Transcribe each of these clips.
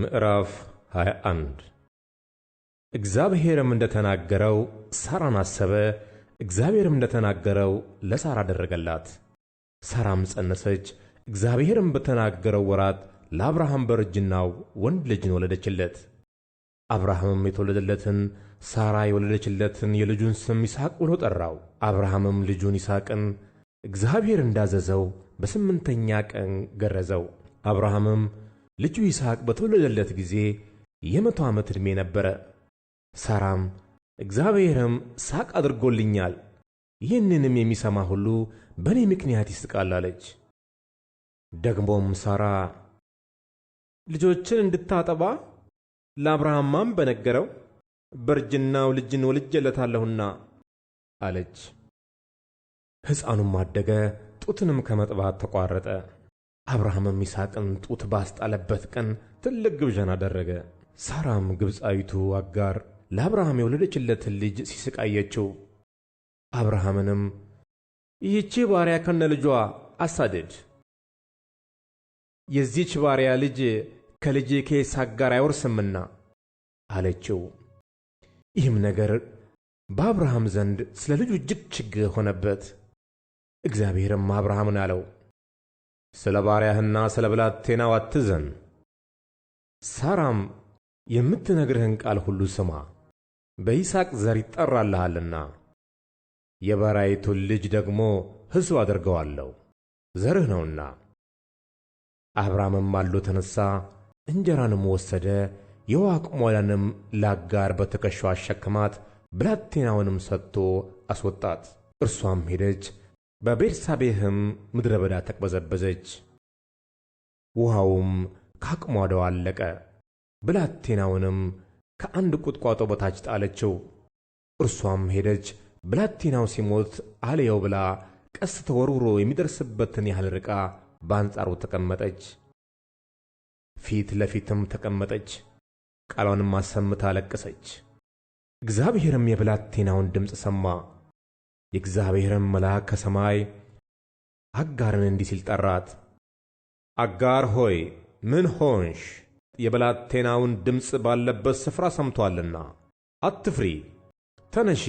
ምዕራፍ 21 እግዚአብሔርም እንደተናገረው ሳራን አሰበ፣ እግዚአብሔርም እንደተናገረው ለሳራ አደረገላት። ሳራም ጸነሰች፣ እግዚአብሔርም በተናገረው ወራት ለአብርሃም በርጅናው ወንድ ልጅን ወለደችለት። አብርሃምም የተወለደለትን ሳራ የወለደችለትን የልጁን ስም ይስሐቅ ብሎ ጠራው። አብርሃምም ልጁን ይስሐቅን እግዚአብሔር እንዳዘዘው በስምንተኛ ቀን ገረዘው። አብርሃምም ልጁ ይስሐቅ በተወለደለት ጊዜ የመቶ ዓመት ዕድሜ ነበረ። ሳራም እግዚአብሔርም ሳቅ አድርጎልኛል፣ ይህንንም የሚሰማ ሁሉ በእኔ ምክንያት ይስቃል አለች። ደግሞም ሳራ ልጆችን እንድታጠባ ለአብርሃማም በነገረው? በርጅናው ልጅን ወልጄለታለሁና አለች። ሕፃኑም አደገ፣ ጡትንም ከመጥባት ተቋረጠ። አብርሃምም ይስሐቅን ጡት ባስጣለበት ቀን ትልቅ ግብዣን አደረገ። ሳራም ግብፃዊቱ አጋር ለአብርሃም የወለደችለትን ልጅ ሲስቃየችው፣ አብርሃምንም ይህቺ ባሪያ ከነ ልጇ አሳድድ፣ የዚች ባሪያ ልጅ ከልጅ ከይስሐቅ ጋር አይወርስምና አለችው። ይህም ነገር በአብርሃም ዘንድ ስለ ልጁ እጅግ ችግር ሆነበት። እግዚአብሔርም አብርሃምን አለው ስለ ባሪያህና ስለ ብላቴናው አትዘን፤ ሳራም የምትነግርህን ቃል ሁሉ ስማ፤ በይስሐቅ ዘር ይጠራልሃልና። የበራይቱን ልጅ ደግሞ ሕዝብ አድርገዋለሁ ዘርህ ነውና። አብራምም ማልዶ ተነሣ፣ እንጀራንም ወሰደ፣ የውኃ አቅሟላንም ለአጋር በትከሻዋ አሸክማት ብላቴናውንም ሰጥቶ አስወጣት። እርሷም ሄደች በቤርሳቤህም ምድረ በዳ ተቅበዘበዘች፣ ውሃውም ከአቅሟ አለቀ። ብላቴናውንም ከአንድ ቁጥቋጦ በታች ጣለችው። እርሷም ሄደች ብላቴናው ሲሞት አልየው ብላ ቀስት ተወርውሮ የሚደርስበትን ያህል ርቃ በአንጻሩ ተቀመጠች። ፊት ለፊትም ተቀመጠች፣ ቃሏንም አሰምታ አለቀሰች። እግዚአብሔርም የብላቴናውን ድምፅ ሰማ። የእግዚአብሔርን መልአክ ከሰማይ አጋርን እንዲህ ሲል ጠራት፣ አጋር ሆይ ምን ሆንሽ? የብላቴናውን ድምፅ ባለበት ስፍራ ሰምቶአልና አትፍሪ፣ ተነሺ፣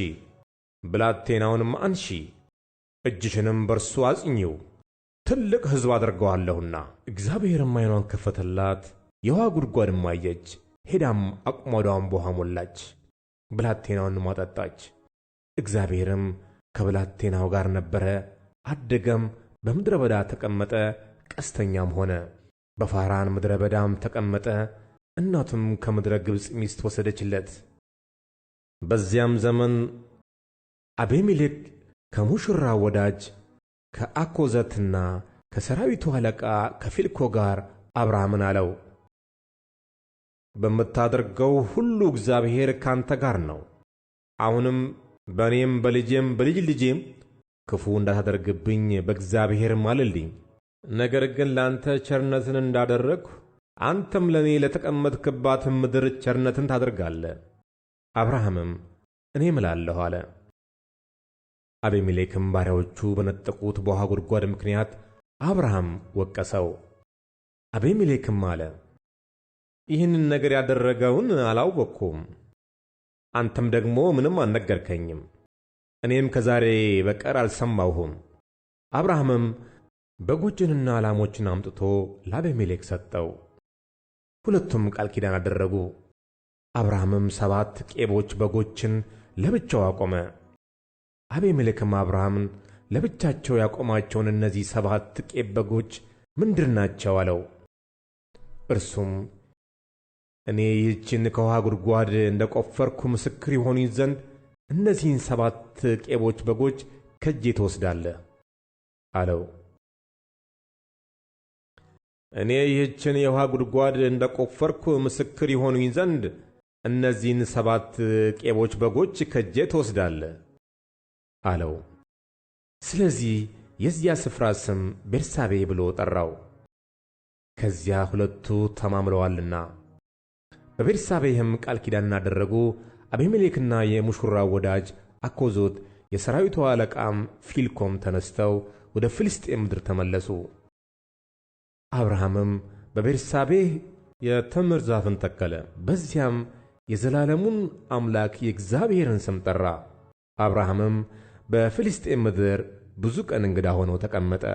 ብላቴናውንም አንሺ፣ እጅሽንም በርሱ አጽኚው፣ ትልቅ ሕዝብ አድርገዋለሁና። እግዚአብሔርም ዓይኗን ከፈተላት፣ የውሃ ጉድጓድም አየች። ሄዳም አቁማዳዋን በውሃ ሞላች፣ ብላቴናውንም አጠጣች። እግዚአብሔርም ከብላቴናው ጋር ነበረ። አደገም፣ በምድረ በዳ ተቀመጠ፣ ቀስተኛም ሆነ። በፋራን ምድረ በዳም ተቀመጠ። እናቱም ከምድረ ግብፅ ሚስት ወሰደችለት። በዚያም ዘመን አቤሜሌክ ከሙሽራ ወዳጅ ከአኮዘትና ከሰራዊቱ አለቃ ከፊልኮ ጋር አብርሃምን አለው፣ በምታደርገው ሁሉ እግዚአብሔር ካንተ ጋር ነው። አሁንም በእኔም በልጄም በልጅ ልጄም ክፉ እንዳታደርግብኝ በእግዚአብሔር ማልልኝ። ነገር ግን ለአንተ ቸርነትን እንዳደረግሁ አንተም ለእኔ ለተቀመጥክባት ምድር ቸርነትን ታደርጋለ። አብርሃምም እኔ እምላለሁ አለ። አቤሜሌክም ባሪያዎቹ በነጠቁት በውሃ ጉድጓድ ምክንያት አብርሃም ወቀሰው። አቤሜሌክም አለ፣ ይህንን ነገር ያደረገውን አላወቅኩም። አንተም ደግሞ ምንም አልነገርከኝም፣ እኔም ከዛሬ በቀር አልሰማሁም። አብርሃምም በጎችንና ላሞችን አምጥቶ ለአቤሜሌክ ሰጠው። ሁለቱም ቃል ኪዳን አደረጉ። አብርሃምም ሰባት ቄቦች በጎችን ለብቻው አቆመ። አቤሜሌክም አብርሃምን ለብቻቸው ያቆማቸውን እነዚህ ሰባት ቄብ በጎች ምንድር ናቸው? አለው። እርሱም እኔ ይህችን ከውሃ ጉድጓድ እንደ ቆፈርኩ ምስክር የሆኑኝ ዘንድ እነዚህን ሰባት ቄቦች በጎች ከእጄ ትወስዳለህ አለው። እኔ ይህችን የውሃ ጉድጓድ እንደ ቆፈርኩ ምስክር የሆኑኝ ዘንድ እነዚህን ሰባት ቄቦች በጎች ከእጄ ትወስዳለህ አለው። ስለዚህ የዚያ ስፍራ ስም ቤርሳቤ ብሎ ጠራው፣ ከዚያ ሁለቱ ተማምለዋልና። በቤርሳቤህም ቃል ኪዳን አደረጉ። አቢሜሌክና የሙሹራ ወዳጅ አኮዞት የሰራዊቱ አለቃም ፊልኮም ተነስተው ወደ ፍልስጤም ምድር ተመለሱ። አብርሃምም በቤርሳቤህ የተምር ዛፍን ተከለ። በዚያም የዘላለሙን አምላክ የእግዚአብሔርን ስም ጠራ። አብርሃምም በፍልስጤም ምድር ብዙ ቀን እንግዳ ሆኖ ተቀመጠ።